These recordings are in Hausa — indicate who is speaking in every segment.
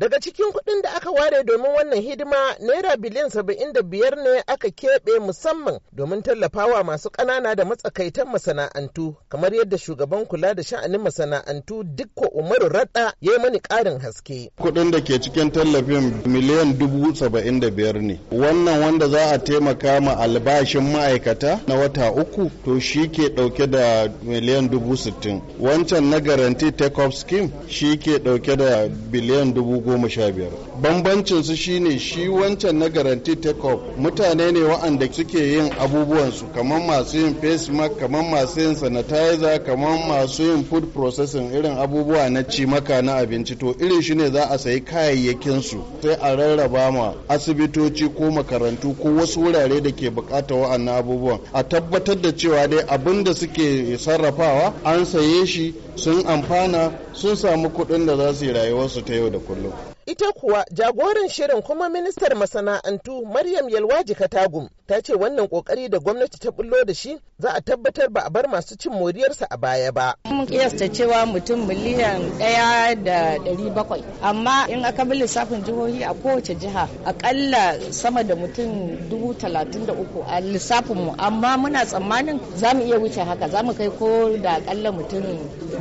Speaker 1: Daga cikin kuɗin da aka ware domin wannan hidima naira biliyan saba'in da biyar ne aka keɓe musamman domin tallafawa masu ƙanana da matsakaitan masana'antu kamar yadda shugaban kula da sha'anin masana'antu dukko Umaru Radda ya yi mani ƙarin haske.
Speaker 2: Kuɗin da ke cikin tallafin miliyan dubu saba'in da biyar ne. Wannan wanda za a taimaka ma albashin ma'aikata na wata uku to shi ke ɗauke da miliyan dubu sittin. Wancan na garanti take off scheme shi ke ɗauke da biliyan dubu goma sha su shine shi wancan na garanti take mutane ne wa'anda suke yin abubuwansu kamar masu yin face mask kamar masu yin sanitizer kamar masu yin food processing irin abubuwa na cimaka na abinci to irin shi ne za a sayi kayayyakin su sai a rarraba ma asibitoci ko makarantu ko wasu wurare da ke bukata wa'annan abubuwan a tabbatar da cewa dai abin da suke sarrafawa an saye shi sun amfana sun samu kuɗin da za su yi rayuwarsu ta yau da kullum
Speaker 1: Ita kuwa jagoran shirin kuma ministar masana'antu Maryam Yalwaji Katagum ta ce wannan kokari da gwamnati ta bullo da shi za a tabbatar ba a bar masu cin moriyarsa a baya ba.
Speaker 3: Mun kiyasta cewa mutum miliyan ɗaya da ɗari bakwai amma in aka bi lissafin jihohi a kowace jiha akalla sama da mutum dubu talatin da uku a lissafinmu amma muna tsammanin za mu iya wuce haka za mu kai ko da akalla mutum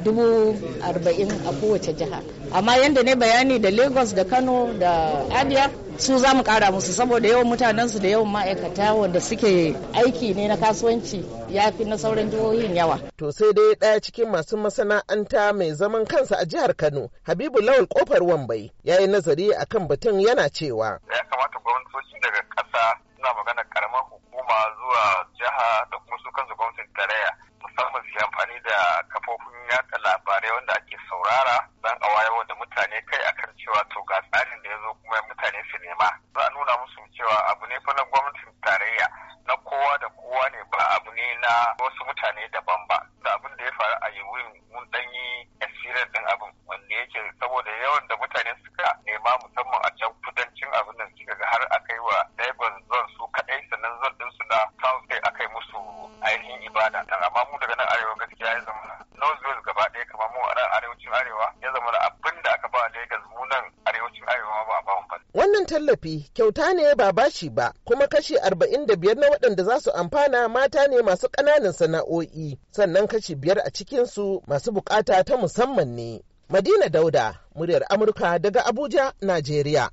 Speaker 3: dubu arba'in a kowace jiha. amma yadda ne bayani da lagos da kano da abia su za mu kara musu saboda yawan mutanensu da yawan ma'aikata wanda suke aiki ne na kasuwanci ya fi na sauran jihohin yawa. To sai dai ɗaya
Speaker 1: cikin masu masana'anta mai zaman kansa a jihar Kano, Habibu Lawal Kofar Wambai, ya yi nazari akan batun yana cewa.
Speaker 4: Ya kamata gwamnatoci daga ƙasa suna magana A kafofin yaɗa labarai wanda ake saurara don a wayarwa da mutane kai a kan cewa to ga tsarin da ya zo kuma mutane su nema za a nuna musu cewa abu ne fa na gwamnatin tarayya na kowa da kowa ne ba abu ne na wasu mutane daban ba da abin da ya faru a yi wurin mun ɗan yi asirin ɗin abin wanda yake saboda yawan da mutane suka nema musamman a can kudancin abin da suka ga har aka yi wa Lagos zon su kaɗai sannan zon ɗinsu na South aka kai musu ainihin ibada amma mu
Speaker 1: Wannan tallafi kyauta ne ba bashi ba kuma kashi 45 na waɗanda za su amfana mata ne masu ƙananan sana'o'i sannan kashi biyar a cikinsu masu buƙata ta musamman ne. Madina Dauda, muryar Amurka daga Abuja, Najeriya.